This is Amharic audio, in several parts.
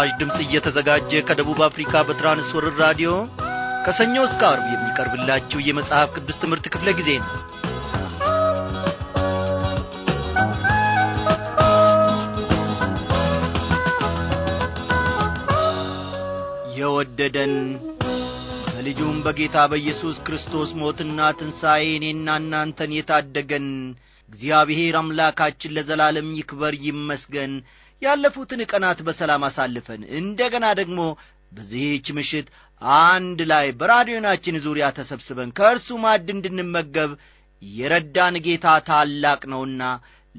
ለመስራች ድምፅ እየተዘጋጀ ከደቡብ አፍሪካ በትራንስወርር ራዲዮ ከሰኞ እስከ አርብ የሚቀርብላችሁ የመጽሐፍ ቅዱስ ትምህርት ክፍለ ጊዜ ነው የወደደን በልጁም በጌታ በኢየሱስ ክርስቶስ ሞትና ትንሣኤ እኔና እናንተን የታደገን እግዚአብሔር አምላካችን ለዘላለም ይክበር ይመስገን ያለፉትን ቀናት በሰላም አሳልፈን እንደገና ደግሞ በዚህች ምሽት አንድ ላይ በራዲዮናችን ዙሪያ ተሰብስበን ከእርሱ ማድ እንድንመገብ የረዳን ጌታ ታላቅ ነውና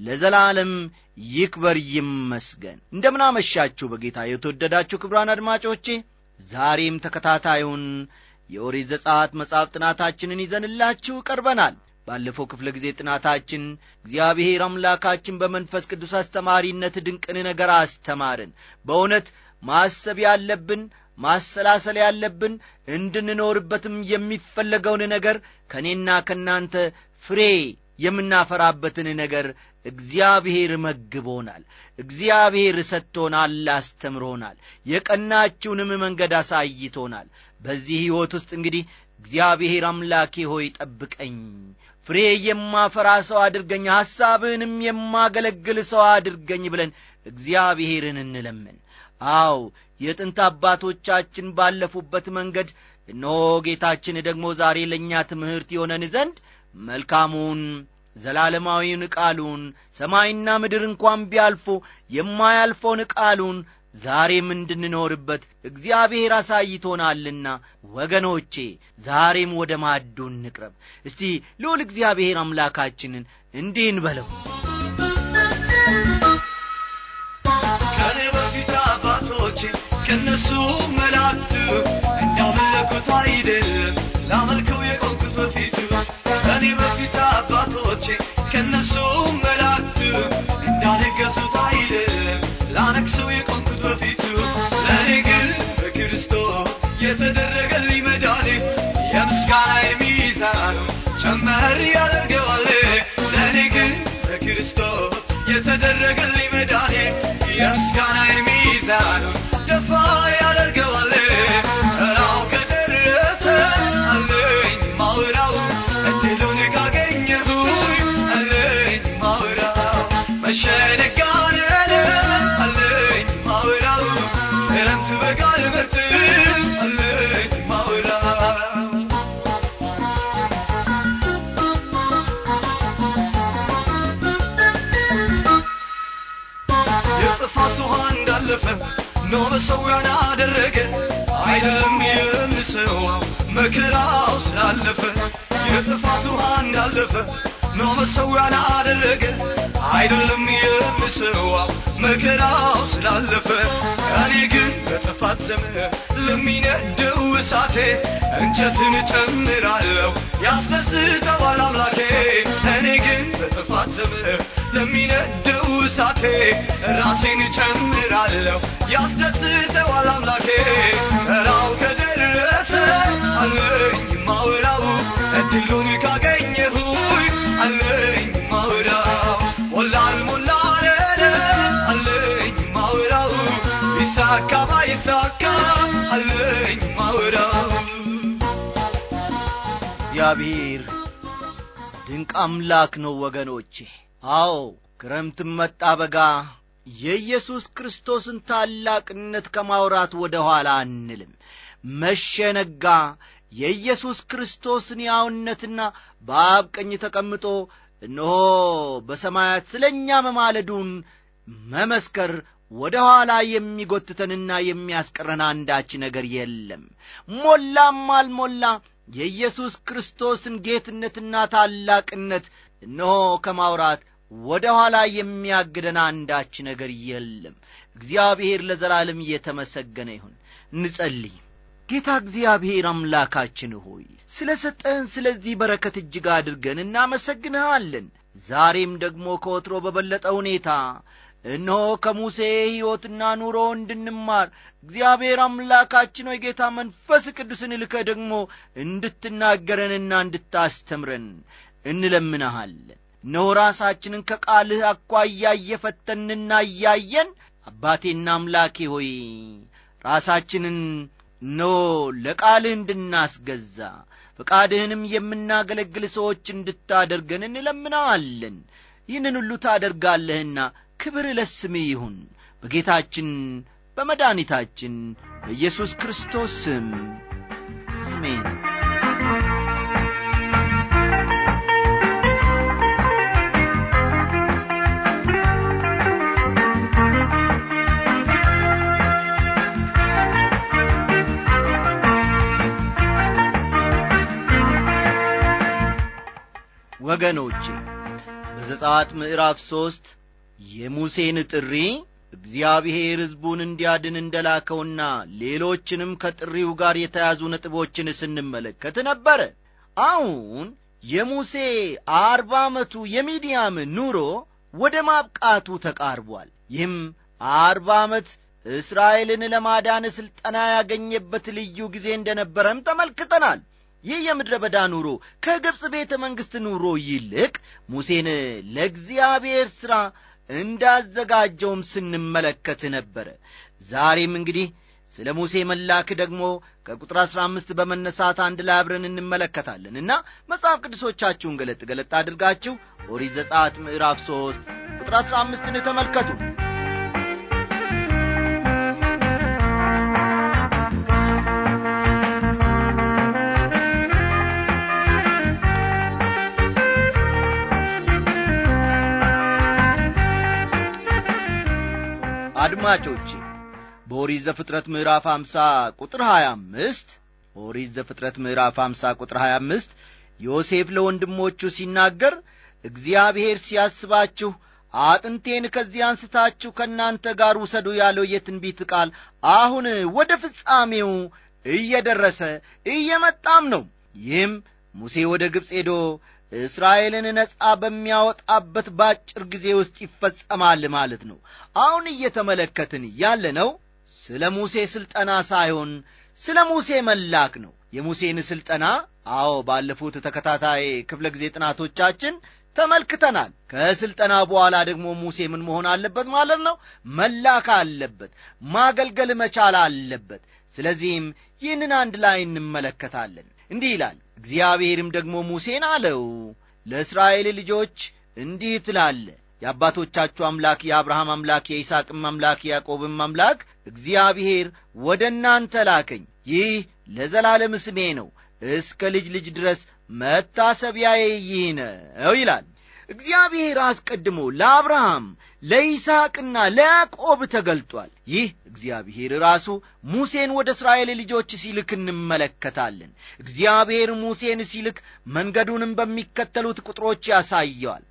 ለዘላለም ይክበር ይመስገን። እንደምናመሻችሁ በጌታ የተወደዳችሁ ክብራን አድማጮቼ፣ ዛሬም ተከታታዩን የኦሪት ዘጸአት መጽሐፍ ጥናታችንን ይዘንላችሁ ቀርበናል። ባለፈው ክፍለ ጊዜ ጥናታችን እግዚአብሔር አምላካችን በመንፈስ ቅዱስ አስተማሪነት ድንቅን ነገር አስተማርን። በእውነት ማሰብ ያለብን ማሰላሰል ያለብን እንድንኖርበትም የሚፈለገውን ነገር ከእኔና ከእናንተ ፍሬ የምናፈራበትን ነገር እግዚአብሔር መግቦናል። እግዚአብሔር ሰጥቶናል፣ አስተምሮናል፣ የቀናችውንም መንገድ አሳይቶናል። በዚህ ሕይወት ውስጥ እንግዲህ እግዚአብሔር አምላኬ ሆይ ጠብቀኝ፣ ፍሬ የማፈራ ሰው አድርገኝ፣ ሐሳብህንም የማገለግል ሰው አድርገኝ ብለን እግዚአብሔርን እንለምን። አዎ የጥንት አባቶቻችን ባለፉበት መንገድ እነሆ ጌታችን ደግሞ ዛሬ ለእኛ ትምህርት የሆነን ዘንድ መልካሙን ዘላለማዊውን ቃሉን ሰማይና ምድር እንኳን ቢያልፉ የማያልፈውን ቃሉን ዛሬም እንድንኖርበት እግዚአብሔር አሳይቶናልና ወገኖቼ ዛሬም ወደ ማዱ እንቅረብ እስቲ ልዑል እግዚአብሔር አምላካችንን እንዲህን በለው በፊት ከእነሱ መላትሁ ምስጋና የሚዛኑ ጨመር ያደርገዋል ለእኔ ግን በክርስቶስ የተደረገልኝ መከራው ስላለፈ የጥፋት ውሃ እንዳለፈ ነው መሰዊያን አደረገ አይደለም የምስዋው መከራው ስላለፈ እኔ ግን በጥፋት ዘመን ለሚነደው እሳቴ እንጨትን ጨምራለሁ ያስደስተዋል አምላኬ እኔ ግን በጥፋት ዘመን ለሚነደው እሳቴ ራሴን ጨምራለሁ ያስደስተዋል አምላኬ አምላክ ነው ወገኖቼ አዎ ክረምትም መጣ በጋ የኢየሱስ ክርስቶስን ታላቅነት ከማውራት ወደ ኋላ አንልም መሸነጋ የኢየሱስ ክርስቶስን ያውነትና በአብ ቀኝ ተቀምጦ እነሆ በሰማያት ስለ እኛ መማለዱን መመስከር ወደ ኋላ የሚጎትተንና የሚያስቀረን አንዳች ነገር የለም ሞላም አልሞላ የኢየሱስ ክርስቶስን ጌትነትና ታላቅነት እነሆ ከማውራት ወደ ኋላ የሚያግደን አንዳች ነገር የለም። እግዚአብሔር ለዘላለም እየተመሰገነ ይሁን። እንጸልይ። ጌታ እግዚአብሔር አምላካችን ሆይ ስለ ሰጠህን ስለዚህ በረከት እጅግ አድርገን እናመሰግንሃለን። ዛሬም ደግሞ ከወትሮ በበለጠ ሁኔታ እነሆ ከሙሴ ሕይወትና ኑሮ እንድንማር እግዚአብሔር አምላካችን ሆይ ጌታ መንፈስ ቅዱስን ልከ ደግሞ እንድትናገረንና እንድታስተምረን እንለምናሃለን። እነሆ ራሳችንን ከቃልህ አኳያ እየፈተንና እያየን አባቴና አምላኬ ሆይ ራሳችንን ኖ ለቃልህ እንድናስገዛ ፈቃድህንም የምናገለግል ሰዎች እንድታደርገን እንለምናሃለን። ይህንን ሁሉ ታደርጋለህና ክብር ለስምህ ይሁን በጌታችን በመድኃኒታችን በኢየሱስ ክርስቶስ ስም አሜን ወገኖቼ በዘጸአት ምዕራፍ ሦስት የሙሴን ጥሪ እግዚአብሔር ሕዝቡን እንዲያድን እንደላከውና ሌሎችንም ከጥሪው ጋር የተያዙ ነጥቦችን ስንመለከት ነበረ። አሁን የሙሴ አርባ ዓመቱ የሚዲያም ኑሮ ወደ ማብቃቱ ተቃርቧል። ይህም አርባ ዓመት እስራኤልን ለማዳን ሥልጠና ያገኘበት ልዩ ጊዜ ነበረም ተመልክተናል። ይህ የምድረ በዳ ኑሮ ከግብፅ ቤተ መንግሥት ኑሮ ይልቅ ሙሴን ለእግዚአብሔር ሥራ እንዳዘጋጀውም ስንመለከት ነበረ። ዛሬም እንግዲህ ስለ ሙሴ መላክ ደግሞ ከቁጥር አሥራ አምስት በመነሳት አንድ ላይ አብረን እንመለከታለን እና መጽሐፍ ቅዱሶቻችሁን ገለጥ ገለጥ አድርጋችሁ ኦሪት ዘጸአት ምዕራፍ ሦስት ቁጥር አሥራ አምስትን ተመልከቱ። አድማጮቼ በኦሪት ዘፍጥረት ምዕራፍ 50 ቁጥር 25 ኦሪት ዘፍጥረት ምዕራፍ 50 ቁጥር 25 ዮሴፍ ለወንድሞቹ ሲናገር እግዚአብሔር ሲያስባችሁ አጥንቴን ከዚህ አንስታችሁ ከእናንተ ጋር ውሰዱ ያለው የትንቢት ቃል አሁን ወደ ፍጻሜው እየደረሰ እየመጣም ነው ይህም ሙሴ ወደ ግብፅ ሄዶ እስራኤልን ነጻ በሚያወጣበት ባጭር ጊዜ ውስጥ ይፈጸማል ማለት ነው። አሁን እየተመለከትን ያለነው ስለ ሙሴ ሥልጠና ሳይሆን ስለ ሙሴ መላክ ነው። የሙሴን ሥልጠና አዎ፣ ባለፉት ተከታታይ ክፍለ ጊዜ ጥናቶቻችን ተመልክተናል። ከሥልጠና በኋላ ደግሞ ሙሴ ምን መሆን አለበት ማለት ነው? መላክ አለበት፣ ማገልገል መቻል አለበት። ስለዚህም ይህንን አንድ ላይ እንመለከታለን። እንዲህ ይላል እግዚአብሔርም ደግሞ ሙሴን አለው ለእስራኤል ልጆች እንዲህ ትላለ የአባቶቻችሁ አምላክ የአብርሃም አምላክ የይስቅም አምላክ የያዕቆብም አምላክ እግዚአብሔር ወደ እናንተ ላከኝ ይህ ለዘላለም ስሜ ነው እስከ ልጅ ልጅ ድረስ መታሰቢያዬ ይህ ነው ይላል እግዚአብሔር አስቀድሞ ለአብርሃም ለይስሐቅና ለያዕቆብ ተገልጧል። ይህ እግዚአብሔር ራሱ ሙሴን ወደ እስራኤል ልጆች ሲልክ እንመለከታለን። እግዚአብሔር ሙሴን ሲልክ መንገዱንም በሚከተሉት ቁጥሮች ያሳየዋል።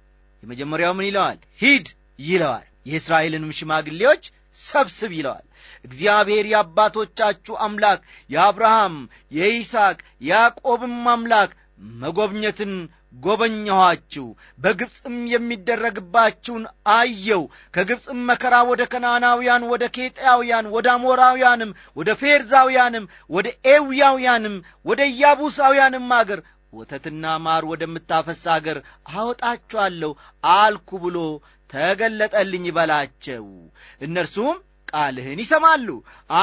የመጀመሪያው ምን ይለዋል? ሂድ ይለዋል። የእስራኤልንም ሽማግሌዎች ሰብስብ ይለዋል። እግዚአብሔር የአባቶቻችሁ አምላክ የአብርሃም የይስሐቅ የያዕቆብም አምላክ መጎብኘትን ጐበኘኋችሁ፣ በግብፅም የሚደረግባችሁን አየው። ከግብፅም መከራ ወደ ከናናውያን፣ ወደ ኬጣውያን፣ ወደ አሞራውያንም፣ ወደ ፌርዛውያንም፣ ወደ ኤውያውያንም፣ ወደ ኢያቡሳውያንም አገር ወተትና ማር ወደምታፈሳ አገር አወጣችኋለሁ አልኩ ብሎ ተገለጠልኝ በላቸው። እነርሱም ቃልህን ይሰማሉ።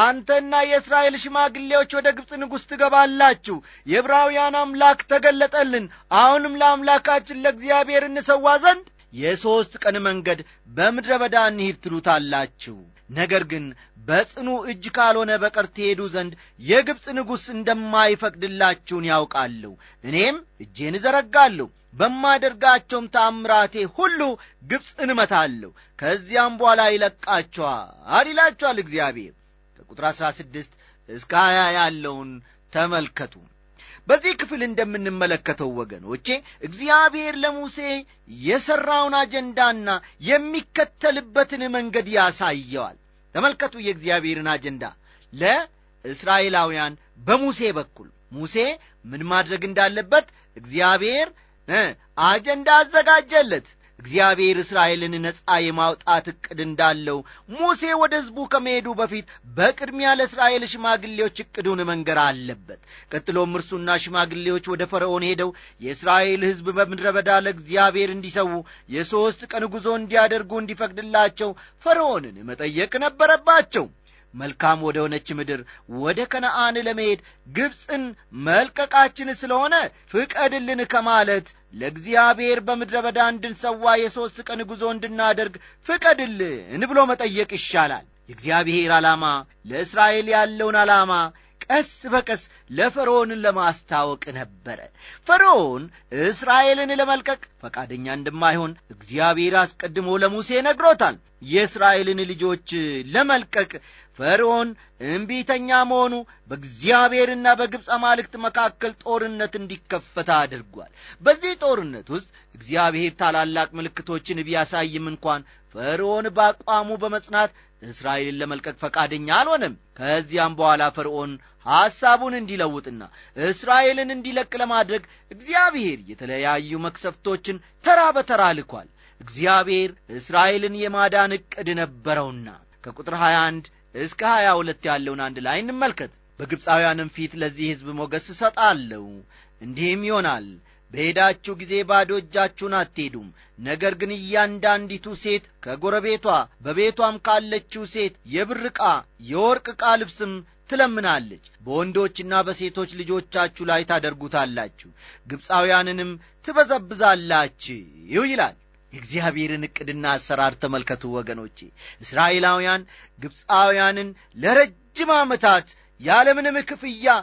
አንተና የእስራኤል ሽማግሌዎች ወደ ግብፅ ንጉሥ ትገባላችሁ። የዕብራውያን አምላክ ተገለጠልን። አሁንም ለአምላካችን ለእግዚአብሔር እንሰዋ ዘንድ የሦስት ቀን መንገድ በምድረ በዳ እንሂድ ትሉታላችሁ። ነገር ግን በጽኑ እጅ ካልሆነ በቀር ትሄዱ ዘንድ የግብፅ ንጉሥ እንደማይፈቅድላችሁን ያውቃለሁ። እኔም እጄን እዘረጋለሁ በማደርጋቸውም ታምራቴ ሁሉ ግብፅ እንመታለሁ ከዚያም በኋላ ይለቃቸዋል ይላቸዋል እግዚአብሔር። ከቁጥር 16 እስከ 20 ያለውን ተመልከቱ። በዚህ ክፍል እንደምንመለከተው ወገኖቼ እግዚአብሔር ለሙሴ የሠራውን አጀንዳና የሚከተልበትን መንገድ ያሳየዋል። ተመልከቱ የእግዚአብሔርን አጀንዳ ለእስራኤላውያን በሙሴ በኩል ሙሴ ምን ማድረግ እንዳለበት እግዚአብሔር አጀንዳ አዘጋጀለት። እግዚአብሔር እስራኤልን ነፃ የማውጣት ዕቅድ እንዳለው ሙሴ ወደ ሕዝቡ ከመሄዱ በፊት በቅድሚያ ለእስራኤል ሽማግሌዎች ዕቅዱን መንገር አለበት። ቀጥሎም እርሱና ሽማግሌዎች ወደ ፈርዖን ሄደው የእስራኤል ሕዝብ በምድረ በዳ ለእግዚአብሔር እንዲሰዉ የሦስት ቀን ጉዞ እንዲያደርጉ እንዲፈቅድላቸው ፈርዖንን መጠየቅ ነበረባቸው። መልካም ወደ ሆነች ምድር ወደ ከነአን ለመሄድ ግብፅን መልቀቃችን ስለሆነ ፍቀድልን ከማለት ለእግዚአብሔር በምድረ በዳ እንድንሰዋ የሦስት ቀን ጉዞ እንድናደርግ ፍቀድልን ብሎ መጠየቅ ይሻላል። የእግዚአብሔር ዓላማ ለእስራኤል ያለውን ዓላማ ቀስ በቀስ ለፈርዖንን ለማስታወቅ ነበረ። ፈርዖን እስራኤልን ለመልቀቅ ፈቃደኛ እንደማይሆን እግዚአብሔር አስቀድሞ ለሙሴ ነግሮታል። የእስራኤልን ልጆች ለመልቀቅ ፈርዖን እምቢተኛ መሆኑ በእግዚአብሔርና በግብፅ አማልክት መካከል ጦርነት እንዲከፈት አድርጓል በዚህ ጦርነት ውስጥ እግዚአብሔር ታላላቅ ምልክቶችን ቢያሳይም እንኳን ፈርዖን በአቋሙ በመጽናት እስራኤልን ለመልቀቅ ፈቃደኛ አልሆነም ከዚያም በኋላ ፈርዖን ሐሳቡን እንዲለውጥና እስራኤልን እንዲለቅ ለማድረግ እግዚአብሔር የተለያዩ መክሰፍቶችን ተራ በተራ ልኳል እግዚአብሔር እስራኤልን የማዳን ዕቅድ ነበረውና ከቁጥር 21 እስከ ሀያ ሁለት ያለውን አንድ ላይ እንመልከት በግብፃውያንም ፊት ለዚህ ሕዝብ ሞገስ እሰጣለሁ እንዲህም ይሆናል በሄዳችሁ ጊዜ ባዶ እጃችሁን አትሄዱም ነገር ግን እያንዳንዲቱ ሴት ከጎረቤቷ በቤቷም ካለችው ሴት የብር ዕቃ የወርቅ ዕቃ ልብስም ትለምናለች በወንዶችና በሴቶች ልጆቻችሁ ላይ ታደርጉታላችሁ ግብፃውያንንም ትበዘብዛላችሁ ይላል የእግዚአብሔርን ዕቅድና አሰራር ተመልከቱ ወገኖቼ እስራኤላውያን ግብፃውያንን ለረጅም ዓመታት ያለምንም ክፍያ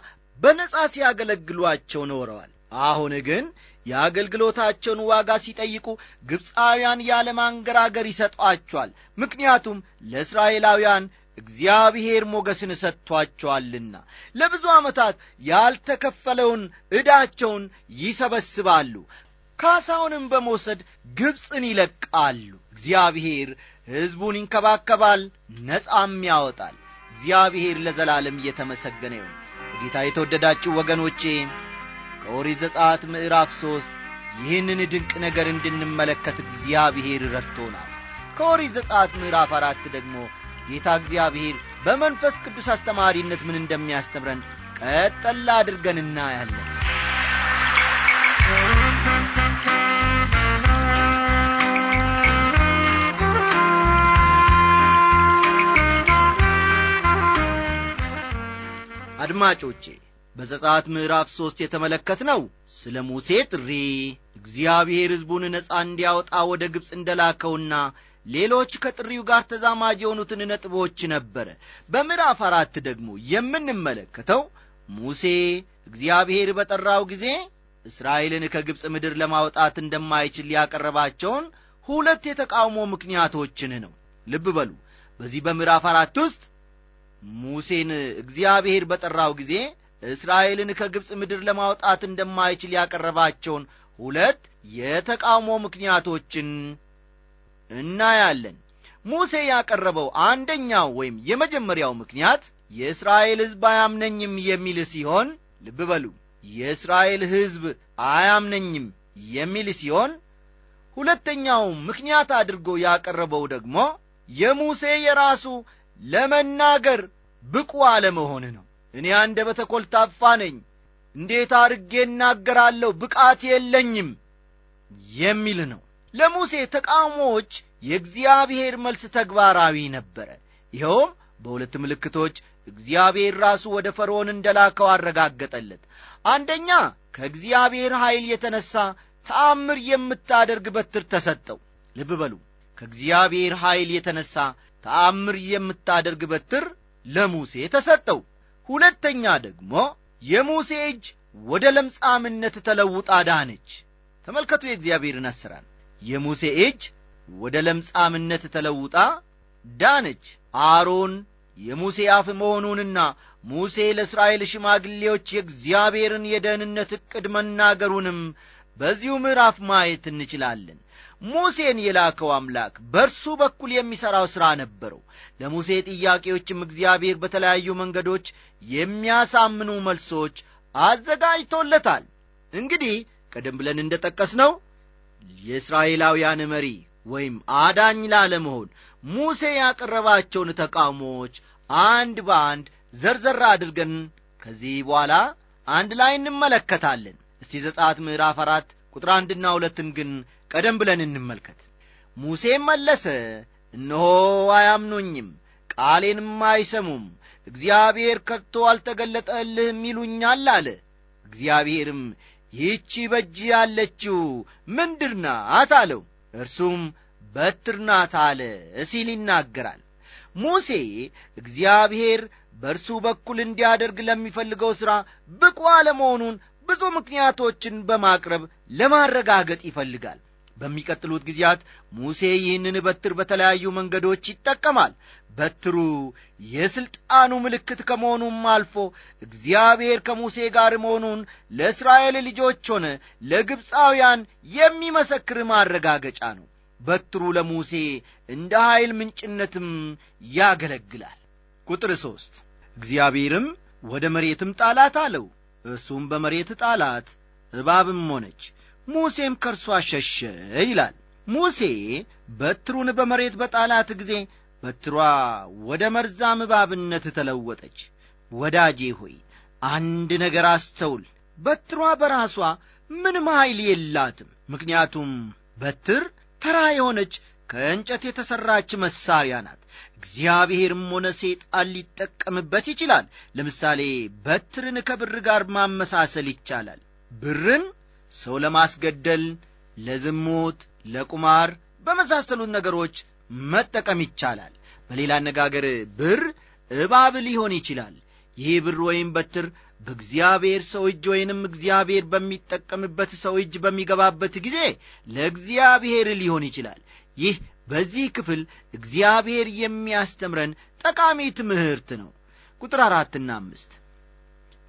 በነጻ ሲያገለግሏቸው ኖረዋል አሁን ግን የአገልግሎታቸውን ዋጋ ሲጠይቁ ግብፃውያን ያለማንገራገር ይሰጧቸዋል ምክንያቱም ለእስራኤላውያን እግዚአብሔር ሞገስን ሰጥቷቸዋልና ለብዙ ዓመታት ያልተከፈለውን ዕዳቸውን ይሰበስባሉ ካሳውንም በመውሰድ ግብፅን ይለቃሉ። እግዚአብሔር ሕዝቡን ይንከባከባል፣ ነጻም ያወጣል። እግዚአብሔር ለዘላለም እየተመሰገነ ይሁን። በጌታ የተወደዳችሁ ወገኖቼ ከኦሪት ዘጸአት ምዕራፍ ሦስት ይህንን ድንቅ ነገር እንድንመለከት እግዚአብሔር ረድቶናል። ከኦሪት ዘጸአት ምዕራፍ አራት ደግሞ ጌታ እግዚአብሔር በመንፈስ ቅዱስ አስተማሪነት ምን እንደሚያስተምረን ቀጠላ አድርገን እናያለን። አድማጮቼ በዘጻት ምዕራፍ ሦስት የተመለከት ነው ስለ ሙሴ ጥሪ እግዚአብሔር ሕዝቡን ነፃ እንዲያወጣ ወደ ግብፅ እንደላከውና ሌሎች ከጥሪው ጋር ተዛማጅ የሆኑትን ነጥቦች ነበረ በምዕራፍ አራት ደግሞ የምንመለከተው ሙሴ እግዚአብሔር በጠራው ጊዜ እስራኤልን ከግብፅ ምድር ለማውጣት እንደማይችል ያቀረባቸውን ሁለት የተቃውሞ ምክንያቶችን ነው ልብ በሉ በዚህ በምዕራፍ አራት ውስጥ ሙሴን እግዚአብሔር በጠራው ጊዜ እስራኤልን ከግብፅ ምድር ለማውጣት እንደማይችል ያቀረባቸውን ሁለት የተቃውሞ ምክንያቶችን እናያለን። ሙሴ ያቀረበው አንደኛው ወይም የመጀመሪያው ምክንያት የእስራኤል ሕዝብ አያምነኝም የሚል ሲሆን፣ ልብ በሉ የእስራኤል ሕዝብ አያምነኝም የሚል ሲሆን፣ ሁለተኛው ምክንያት አድርጎ ያቀረበው ደግሞ የሙሴ የራሱ ለመናገር ብቁ አለመሆን ነው። እኔ አንደ በተኰልታፋ ነኝ፣ እንዴት አድርጌ እናገራለሁ፣ ብቃት የለኝም የሚል ነው። ለሙሴ ተቃውሞዎች የእግዚአብሔር መልስ ተግባራዊ ነበረ። ይኸውም በሁለት ምልክቶች እግዚአብሔር ራሱ ወደ ፈርዖን ላከው አረጋገጠለት። አንደኛ ከእግዚአብሔር ኃይል የተነሣ ተአምር የምታደርግ በትር ተሰጠው። ልብ በሉ፣ ከእግዚአብሔር ኃይል የተነሣ ተአምር የምታደርግ በትር ለሙሴ ተሰጠው። ሁለተኛ ደግሞ የሙሴ እጅ ወደ ለምጻምነት ተለውጣ ዳነች። ተመልከቱ የእግዚአብሔርን አሰራር። የሙሴ እጅ ወደ ለምጻምነት ተለውጣ ዳነች። አሮን የሙሴ አፍ መሆኑንና ሙሴ ለእስራኤል ሽማግሌዎች የእግዚአብሔርን የደህንነት ዕቅድ መናገሩንም በዚሁ ምዕራፍ ማየት እንችላለን። ሙሴን የላከው አምላክ በእርሱ በኩል የሚሠራው ሥራ ነበረው። ለሙሴ ጥያቄዎችም እግዚአብሔር በተለያዩ መንገዶች የሚያሳምኑ መልሶች አዘጋጅቶለታል። እንግዲህ ቀደም ብለን እንደ ነው የእስራኤላውያን መሪ ወይም አዳኝ ላለመሆን ሙሴ ያቀረባቸውን ተቃውሞዎች አንድ በአንድ ዘርዘር አድርገን ከዚህ በኋላ አንድ ላይ እንመለከታለን። እስቲ ዘጻት ምዕራፍ አራት ቁጥር አንድና ሁለትን ግን ቀደም ብለን እንመልከት ሙሴም መለሰ እነሆ አያምኑኝም ቃሌንም አይሰሙም እግዚአብሔር ከቶ አልተገለጠልህም ይሉኛል አለ እግዚአብሔርም ይህቺ በጅ ያለችው ምንድርናት አለው እርሱም በትር አለ ሲል ይናገራል ሙሴ እግዚአብሔር በእርሱ በኩል እንዲያደርግ ለሚፈልገው ሥራ ብቁ አለመሆኑን ብዙ ምክንያቶችን በማቅረብ ለማረጋገጥ ይፈልጋል በሚቀጥሉት ጊዜያት ሙሴ ይህንን በትር በተለያዩ መንገዶች ይጠቀማል። በትሩ የሥልጣኑ ምልክት ከመሆኑም አልፎ እግዚአብሔር ከሙሴ ጋር መሆኑን ለእስራኤል ልጆች ሆነ ለግብፃውያን የሚመሰክር ማረጋገጫ ነው። በትሩ ለሙሴ እንደ ኃይል ምንጭነትም ያገለግላል። ቁጥር ሦስት እግዚአብሔርም ወደ መሬትም ጣላት አለው፣ እርሱም በመሬት ጣላት፣ እባብም ሆነች። ሙሴም ከእርሷ ሸሸ ይላል። ሙሴ በትሩን በመሬት በጣላት ጊዜ በትሯ ወደ መርዛ ምባብነት ተለወጠች። ወዳጄ ሆይ አንድ ነገር አስተውል። በትሯ በራሷ ምንም ኃይል የላትም። ምክንያቱም በትር ተራ የሆነች ከእንጨት የተሠራች መሣሪያ ናት። እግዚአብሔርም ሆነ ሴጣን ሊጠቀምበት ይችላል። ለምሳሌ በትርን ከብር ጋር ማመሳሰል ይቻላል። ብርን ሰው ለማስገደል፣ ለዝሙት፣ ለቁማር በመሳሰሉት ነገሮች መጠቀም ይቻላል። በሌላ አነጋገር ብር እባብ ሊሆን ይችላል። ይህ ብር ወይም በትር በእግዚአብሔር ሰው እጅ ወይንም እግዚአብሔር በሚጠቀምበት ሰው እጅ በሚገባበት ጊዜ ለእግዚአብሔር ሊሆን ይችላል። ይህ በዚህ ክፍል እግዚአብሔር የሚያስተምረን ጠቃሚ ትምህርት ነው። ቁጥር አራትና አምስት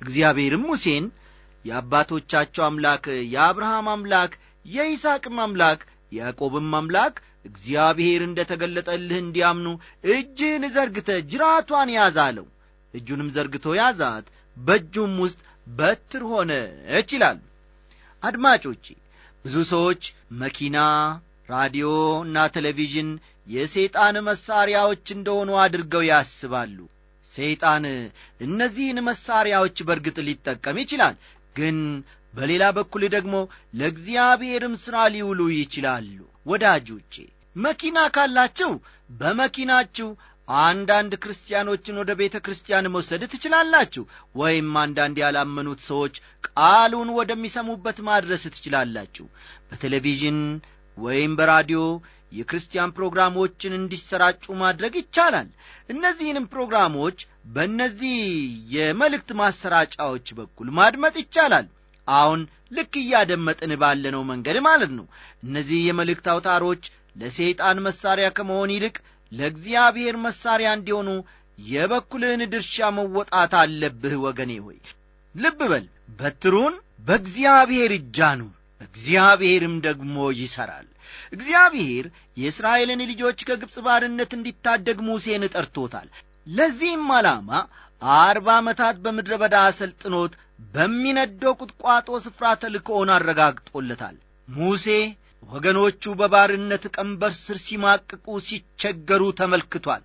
እግዚአብሔርም ሙሴን የአባቶቻቸው አምላክ የአብርሃም አምላክ የይስሐቅም አምላክ ያዕቆብም አምላክ እግዚአብሔር እንደ ተገለጠልህ እንዲያምኑ እጅህን ዘርግተ ጅራቷን ያዝ አለው እጁንም ዘርግቶ ያዛት በእጁም ውስጥ በትር ሆነች ይላል አድማጮቼ ብዙ ሰዎች መኪና ራዲዮ እና ቴሌቪዥን የሰይጣን መሣሪያዎች እንደሆኑ አድርገው ያስባሉ ሰይጣን እነዚህን መሣሪያዎች በርግጥ ሊጠቀም ይችላል ግን በሌላ በኩል ደግሞ ለእግዚአብሔርም ሥራ ሊውሉ ይችላሉ ወዳጆቼ መኪና ካላችሁ በመኪናችሁ አንዳንድ ክርስቲያኖችን ወደ ቤተ ክርስቲያን መውሰድ ትችላላችሁ ወይም አንዳንድ ያላመኑት ሰዎች ቃሉን ወደሚሰሙበት ማድረስ ትችላላችሁ በቴሌቪዥን ወይም በራዲዮ የክርስቲያን ፕሮግራሞችን እንዲሰራጩ ማድረግ ይቻላል እነዚህንም ፕሮግራሞች በእነዚህ የመልእክት ማሰራጫዎች በኩል ማድመጥ ይቻላል አሁን ልክ እያደመጥን ባለነው መንገድ ማለት ነው እነዚህ የመልእክት አውታሮች ለሰይጣን መሳሪያ ከመሆን ይልቅ ለእግዚአብሔር መሳሪያ እንዲሆኑ የበኩልህን ድርሻ መወጣት አለብህ ወገኔ ሆይ ልብ በል በትሩን በእግዚአብሔር እጃኑ እግዚአብሔርም ደግሞ ይሠራል እግዚአብሔር የእስራኤልን ልጆች ከግብፅ ባርነት እንዲታደግ ሙሴን ጠርቶታል። ለዚህም ዓላማ አርባ ዓመታት በምድረ በዳ አሰልጥኖት በሚነደው ቁጥቋጦ ስፍራ ተልእኮውን አረጋግጦለታል። ሙሴ ወገኖቹ በባርነት ቀንበር ስር ሲማቅቁ፣ ሲቸገሩ ተመልክቷል።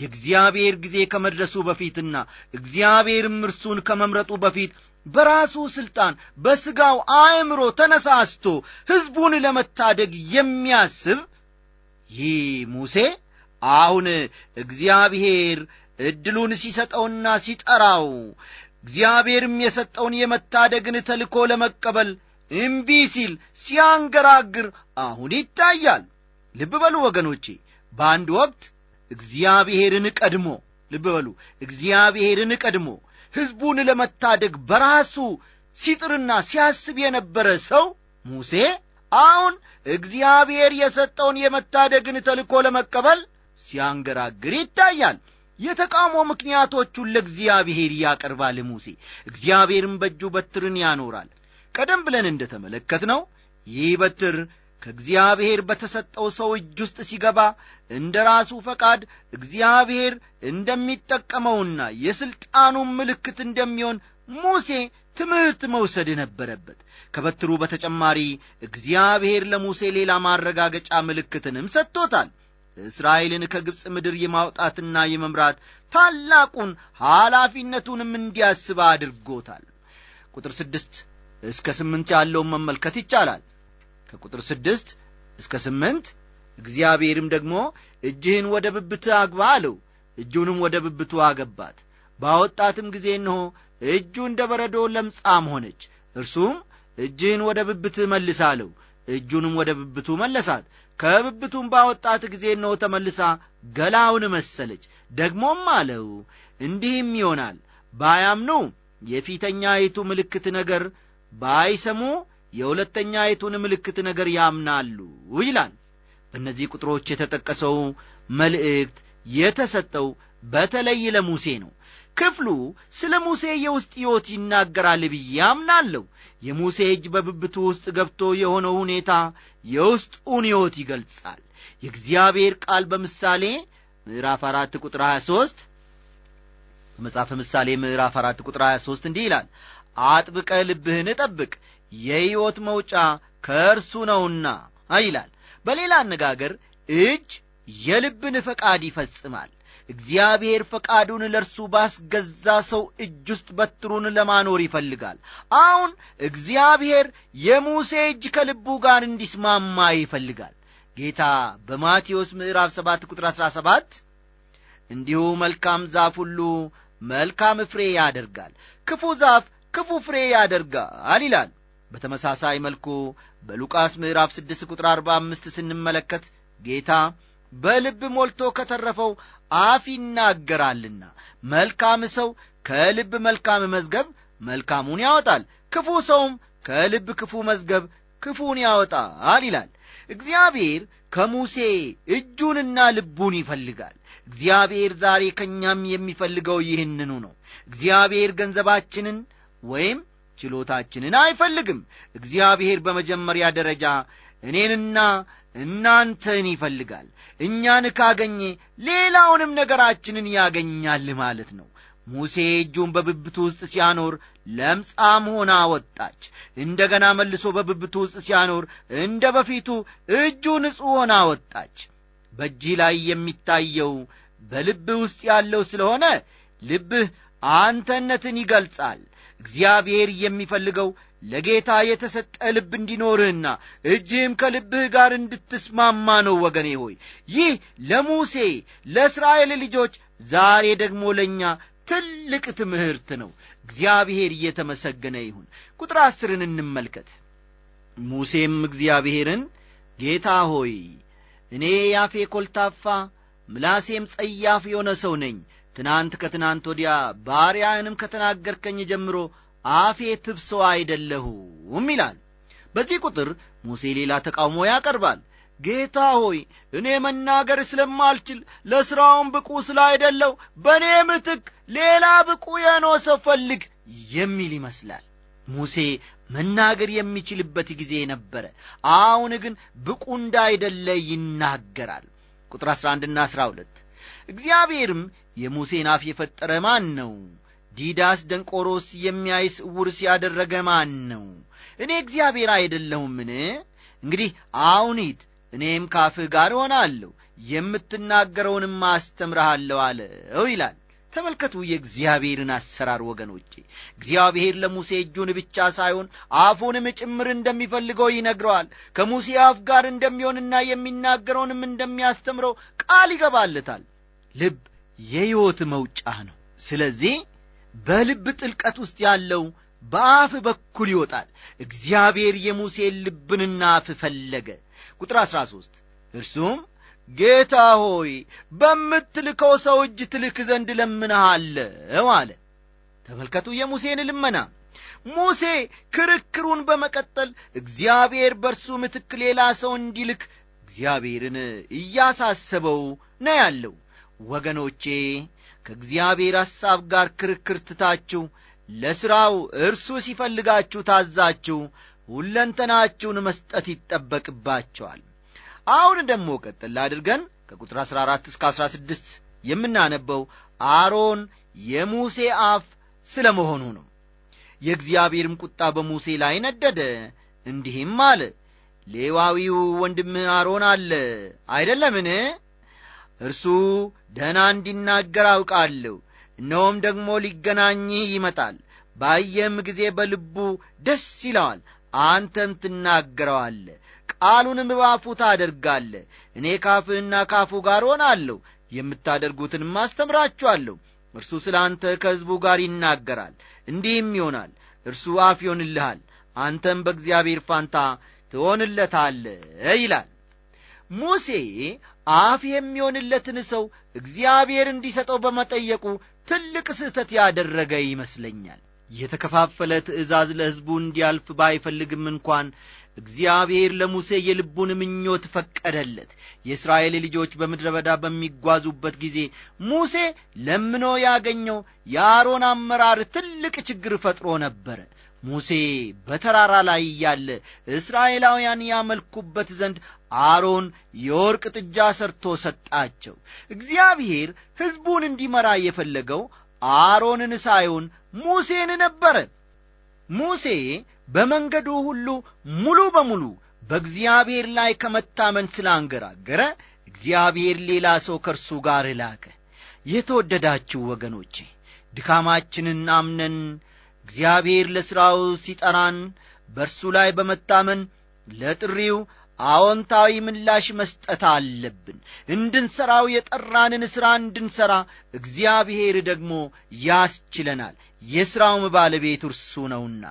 የእግዚአብሔር ጊዜ ከመድረሱ በፊትና እግዚአብሔርም እርሱን ከመምረጡ በፊት በራሱ ሥልጣን በሥጋው አእምሮ ተነሳስቶ ሕዝቡን ለመታደግ የሚያስብ ይህ ሙሴ አሁን እግዚአብሔር ዕድሉን ሲሰጠውና ሲጠራው እግዚአብሔርም የሰጠውን የመታደግን ተልኮ ለመቀበል እምቢ ሲል ሲያንገራግር አሁን ይታያል። ልብ በሉ ወገኖቼ፣ በአንድ ወቅት እግዚአብሔርን ቀድሞ ልብ በሉ እግዚአብሔርን ቀድሞ ሕዝቡን ለመታደግ በራሱ ሲጥርና ሲያስብ የነበረ ሰው ሙሴ አሁን እግዚአብሔር የሰጠውን የመታደግን ተልኮ ለመቀበል ሲያንገራግር ይታያል። የተቃውሞ ምክንያቶቹን ለእግዚአብሔር ያቀርባል። ሙሴ እግዚአብሔርም በእጁ በትርን ያኖራል። ቀደም ብለን እንደተመለከትነው ይህ በትር ከእግዚአብሔር በተሰጠው ሰው እጅ ውስጥ ሲገባ እንደ ራሱ ፈቃድ እግዚአብሔር እንደሚጠቀመውና የሥልጣኑን ምልክት እንደሚሆን ሙሴ ትምህርት መውሰድ ነበረበት። ከበትሩ በተጨማሪ እግዚአብሔር ለሙሴ ሌላ ማረጋገጫ ምልክትንም ሰጥቶታል። እስራኤልን ከግብፅ ምድር የማውጣትና የመምራት ታላቁን ኃላፊነቱንም እንዲያስብ አድርጎታል። ቁጥር ስድስት እስከ ስምንት ያለውን መመልከት ይቻላል። ከቁጥር ስድስት እስከ ስምንት እግዚአብሔርም ደግሞ እጅህን ወደ ብብት አግባ አለው እጁንም ወደ ብብቱ አገባት ባወጣትም ጊዜ እንሆ እጁ እንደ በረዶ ለምጻም ሆነች እርሱም እጅህን ወደ ብብት መልስ አለው እጁንም ወደ ብብቱ መለሳት ከብብቱም ባወጣት ጊዜ እንሆ ተመልሳ ገላውን መሰለች ደግሞም አለው እንዲህም ይሆናል ባያምኑ የፊተኛይቱ ምልክት ነገር ባይሰሙ የሁለተኛ አይቱን ምልክት ነገር ያምናሉ ይላል በእነዚህ ቁጥሮች የተጠቀሰው መልእክት የተሰጠው በተለይ ለሙሴ ነው ክፍሉ ስለ ሙሴ የውስጥ ሕይወት ይናገራል ብዬ አምናለሁ የሙሴ እጅ በብብቱ ውስጥ ገብቶ የሆነው ሁኔታ የውስጡን ሕይወት ይገልጻል የእግዚአብሔር ቃል በምሳሌ ምዕራፍ አራት ቁጥር 23 በመጽሐፈ ምሳሌ ምዕራፍ አራት ቁጥር 23 እንዲህ ይላል አጥብቀ ልብህን ጠብቅ የሕይወት መውጫ ከእርሱ ነውና ይላል። በሌላ አነጋገር እጅ የልብን ፈቃድ ይፈጽማል። እግዚአብሔር ፈቃዱን ለእርሱ ባስገዛ ሰው እጅ ውስጥ በትሩን ለማኖር ይፈልጋል። አሁን እግዚአብሔር የሙሴ እጅ ከልቡ ጋር እንዲስማማ ይፈልጋል። ጌታ በማቴዎስ ምዕራፍ 7 ቁጥር 17 እንዲሁ መልካም ዛፍ ሁሉ መልካም ፍሬ ያደርጋል፣ ክፉ ዛፍ ክፉ ፍሬ ያደርጋል ይላል። በተመሳሳይ መልኩ በሉቃስ ምዕራፍ 6 ቁጥር 45 ስንመለከት ጌታ በልብ ሞልቶ ከተረፈው አፍ ይናገራልና መልካም ሰው ከልብ መልካም መዝገብ መልካሙን ያወጣል፣ ክፉ ሰውም ከልብ ክፉ መዝገብ ክፉን ያወጣል ይላል። እግዚአብሔር ከሙሴ እጁንና ልቡን ይፈልጋል። እግዚአብሔር ዛሬ ከእኛም የሚፈልገው ይህንኑ ነው። እግዚአብሔር ገንዘባችንን ወይም ችሎታችንን አይፈልግም እግዚአብሔር በመጀመሪያ ደረጃ እኔንና እናንተን ይፈልጋል እኛን ካገኘ ሌላውንም ነገራችንን ያገኛል ማለት ነው ሙሴ እጁን በብብቱ ውስጥ ሲያኖር ለምጻም ሆና ወጣች እንደ ገና መልሶ በብብቱ ውስጥ ሲያኖር እንደ በፊቱ እጁ ንጹሕ ሆና ወጣች በእጅህ ላይ የሚታየው በልብህ ውስጥ ያለው ስለሆነ ልብህ አንተነትን ይገልጻል እግዚአብሔር የሚፈልገው ለጌታ የተሰጠ ልብ እንዲኖርህና እጅህም ከልብህ ጋር እንድትስማማ ነው። ወገኔ ሆይ ይህ ለሙሴ ለእስራኤል ልጆች ዛሬ ደግሞ ለእኛ ትልቅ ትምህርት ነው። እግዚአብሔር እየተመሰገነ ይሁን። ቁጥር አስርን እንመልከት። ሙሴም እግዚአብሔርን ጌታ ሆይ እኔ ያፌ ኮልታፋ ምላሴም ጸያፍ የሆነ ሰው ነኝ ትናንት ከትናንት ወዲያ ባሪያህንም ከተናገርከኝ ጀምሮ አፌ ትብሰው አይደለሁም ይላል። በዚህ ቁጥር ሙሴ ሌላ ተቃውሞ ያቀርባል። ጌታ ሆይ እኔ መናገር ስለማልችል ለሥራውን ብቁ ስላይደለው በእኔ ምትክ ሌላ ብቁ የሆነ ፈልግ የሚል ይመስላል። ሙሴ መናገር የሚችልበት ጊዜ ነበረ። አሁን ግን ብቁ እንዳይደለ ይናገራል። ቁጥር 11ና 12 እግዚአብሔርም የሙሴን አፍ የፈጠረ ማን ነው? ዲዳስ ደንቆሮስ የሚያይስ ውርስ ያደረገ ማን ነው? እኔ እግዚአብሔር አይደለሁምን? እንግዲህ አሁን ሂድ፣ እኔም ካፍህ ጋር እሆናለሁ፣ የምትናገረውንም አስተምርሃለሁ አለው ይላል። ተመልከቱ የእግዚአብሔርን አሰራር ወገኖቼ። እግዚአብሔር ለሙሴ እጁን ብቻ ሳይሆን አፉንም ጭምር እንደሚፈልገው ይነግረዋል። ከሙሴ አፍ ጋር እንደሚሆንና የሚናገረውንም እንደሚያስተምረው ቃል ይገባለታል። ልብ የሕይወት መውጫህ ነው ስለዚህ በልብ ጥልቀት ውስጥ ያለው በአፍ በኩል ይወጣል እግዚአብሔር የሙሴን ልብንና አፍ ፈለገ ቁጥር 13 እርሱም ጌታ ሆይ በምትልከው ሰው እጅ ትልክ ዘንድ ለምንሃለው አለ ተመልከቱ የሙሴን ልመና ሙሴ ክርክሩን በመቀጠል እግዚአብሔር በእርሱ ምትክ ሌላ ሰው እንዲልክ እግዚአብሔርን እያሳሰበው ነው ያለው ወገኖቼ ከእግዚአብሔር ሐሳብ ጋር ክርክር ትታችሁ ለሥራው እርሱ ሲፈልጋችሁ ታዛችሁ ሁለንተናችሁን መስጠት ይጠበቅባቸዋል። አሁን ደግሞ ቀጥል አድርገን ከቁጥር 14 እስከ 16 የምናነበው አሮን የሙሴ አፍ ስለ መሆኑ ነው። የእግዚአብሔርም ቁጣ በሙሴ ላይ ነደደ፣ እንዲህም አለ ሌዋዊው ወንድምህ አሮን አለ አይደለምን? እርሱ ደህና እንዲናገር አውቃለሁ እነሆም ደግሞ ሊገናኝህ ይመጣል ባየም ጊዜ በልቡ ደስ ይለዋል አንተም ትናገረዋለ ቃሉንም በአፉ ታደርጋለ እኔ ካፍህና ካፉ ጋር ሆናለሁ የምታደርጉትንም አስተምራችኋለሁ እርሱ ስለ አንተ ከሕዝቡ ጋር ይናገራል እንዲህም ይሆናል እርሱ አፍ ይሆንልሃል አንተም በእግዚአብሔር ፋንታ ትሆንለታለ ይላል ሙሴ አፍ የሚሆንለትን ሰው እግዚአብሔር እንዲሰጠው በመጠየቁ ትልቅ ስህተት ያደረገ ይመስለኛል። የተከፋፈለ ትእዛዝ ለሕዝቡ እንዲያልፍ ባይፈልግም እንኳን እግዚአብሔር ለሙሴ የልቡን ምኞት ፈቀደለት። የእስራኤል ልጆች በምድረ በዳ በሚጓዙበት ጊዜ ሙሴ ለምኖ ያገኘው የአሮን አመራር ትልቅ ችግር ፈጥሮ ነበረ። ሙሴ በተራራ ላይ እያለ እስራኤላውያን ያመልኩበት ዘንድ አሮን የወርቅ ጥጃ ሰርቶ ሰጣቸው። እግዚአብሔር ሕዝቡን እንዲመራ የፈለገው አሮንን ሳይሆን ሙሴን ነበረ። ሙሴ በመንገዱ ሁሉ ሙሉ በሙሉ በእግዚአብሔር ላይ ከመታመን ስላንገራገረ እግዚአብሔር ሌላ ሰው ከእርሱ ጋር ላከ። የተወደዳችሁ ወገኖቼ ድካማችንን አምነን እግዚአብሔር ለሥራው ሲጠራን በእርሱ ላይ በመታመን ለጥሪው አዎንታዊ ምላሽ መስጠት አለብን። እንድንሠራው የጠራንን ሥራ እንድንሠራ እግዚአብሔር ደግሞ ያስችለናል። የሥራውም ባለቤት እርሱ ነውና።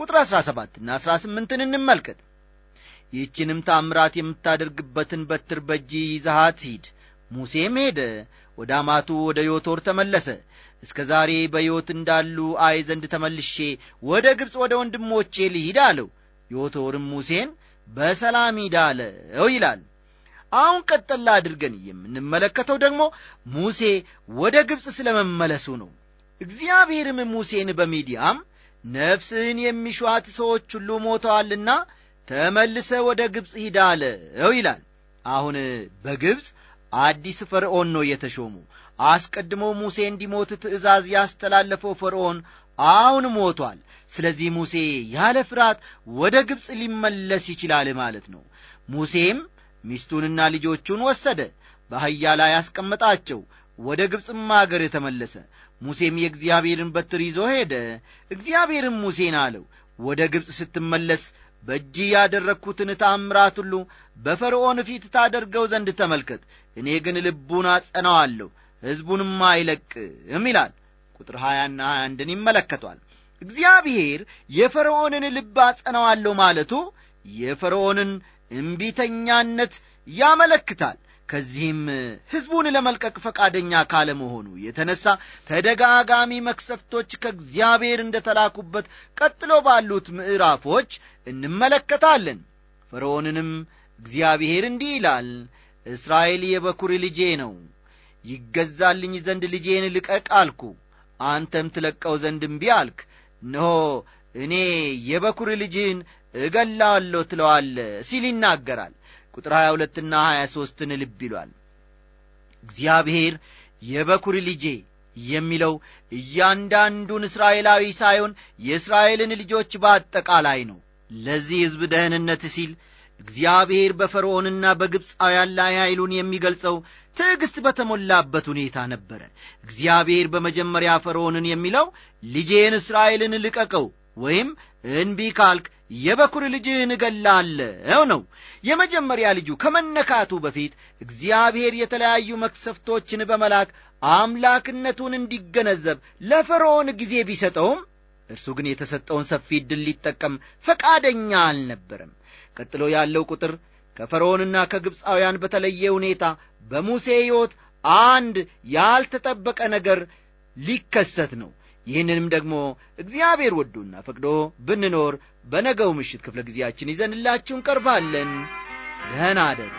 ቁጥር 17ና 18 ስምንትን እንመልከት። ይህችንም ታምራት የምታደርግበትን በትር በእጅ ይዘሃት ሂድ። ሙሴም ሄደ፣ ወደ አማቱ ወደ ዮቶር ተመለሰ። እስከ ዛሬ በሕይወት እንዳሉ አይ ዘንድ ተመልሼ ወደ ግብፅ ወደ ወንድሞቼ ልሂድ አለው። ዮቶርም ሙሴን በሰላም ሂዳለው ይላል። አሁን ቀጠላ አድርገን የምንመለከተው ደግሞ ሙሴ ወደ ግብፅ ስለ መመለሱ ነው። እግዚአብሔርም ሙሴን በሚዲያም ነፍስህን የሚሿት ሰዎች ሁሉ ሞተዋልና ተመልሰ ወደ ግብፅ ሂዳለው ይላል። አሁን በግብፅ አዲስ ፈርዖን ነው የተሾሙ። አስቀድሞ ሙሴ እንዲሞት ትእዛዝ ያስተላለፈው ፈርዖን አሁን ሞቷል። ስለዚህ ሙሴ ያለ ፍርሃት ወደ ግብፅ ሊመለስ ይችላል ማለት ነው። ሙሴም ሚስቱንና ልጆቹን ወሰደ፣ በአህያ ላይ ያስቀመጣቸው፣ ወደ ግብፅም አገር ተመለሰ። ሙሴም የእግዚአብሔርን በትር ይዞ ሄደ። እግዚአብሔርም ሙሴን አለው፣ ወደ ግብፅ ስትመለስ በእጅ ያደረግሁትን ታምራት ሁሉ በፈርዖን ፊት ታደርገው ዘንድ ተመልከት፣ እኔ ግን ልቡን አጸናዋለሁ፣ ሕዝቡንም አይለቅም ይላል። ቁጥር ሀያና ሀያ አንድን ይመለከቷል። እግዚአብሔር የፈርዖንን ልብ አጸናዋለሁ ማለቱ የፈርዖንን እምቢተኛነት ያመለክታል። ከዚህም ሕዝቡን ለመልቀቅ ፈቃደኛ ካለመሆኑ የተነሳ ተደጋጋሚ መክሰፍቶች ከእግዚአብሔር እንደ ተላኩበት ቀጥሎ ባሉት ምዕራፎች እንመለከታለን። ፈርዖንንም እግዚአብሔር እንዲህ ይላል፣ እስራኤል የበኩር ልጄ ነው፣ ይገዛልኝ ዘንድ ልጄን ልቀቅ አልኩ፣ አንተም ትለቀው ዘንድ እምቢ አልክ። እነሆ እኔ የበኩር ልጅህን እገላለሁ ትለዋለ ሲል ይናገራል። ቁጥር 22ና 23ን ልብ ይሏል እግዚአብሔር የበኩር ልጄ የሚለው እያንዳንዱን እስራኤላዊ ሳይሆን የእስራኤልን ልጆች በአጠቃላይ ነው ለዚህ ሕዝብ ደህንነት ሲል እግዚአብሔር በፈርዖንና በግብፃውያን ላይ ኃይሉን የሚገልጸው ትዕግሥት በተሞላበት ሁኔታ ነበረ እግዚአብሔር በመጀመሪያ ፈርዖንን የሚለው ልጄን እስራኤልን ልቀቀው ወይም እንቢ ካልክ የበኩር ልጅህን እገላለው ነው የመጀመሪያ ልጁ ከመነካቱ በፊት እግዚአብሔር የተለያዩ መክሰፍቶችን በመላክ አምላክነቱን እንዲገነዘብ ለፈርዖን ጊዜ ቢሰጠውም እርሱ ግን የተሰጠውን ሰፊ ድል ሊጠቀም ፈቃደኛ አልነበረም። ቀጥሎ ያለው ቁጥር ከፈርዖንና ከግብፃውያን በተለየ ሁኔታ በሙሴ ሕይወት አንድ ያልተጠበቀ ነገር ሊከሰት ነው። ይህንንም ደግሞ እግዚአብሔር ወዶና ፈቅዶ ብንኖር በነገው ምሽት ክፍለ ጊዜያችን ይዘንላችሁ እንቀርባለን ደህና አደሩ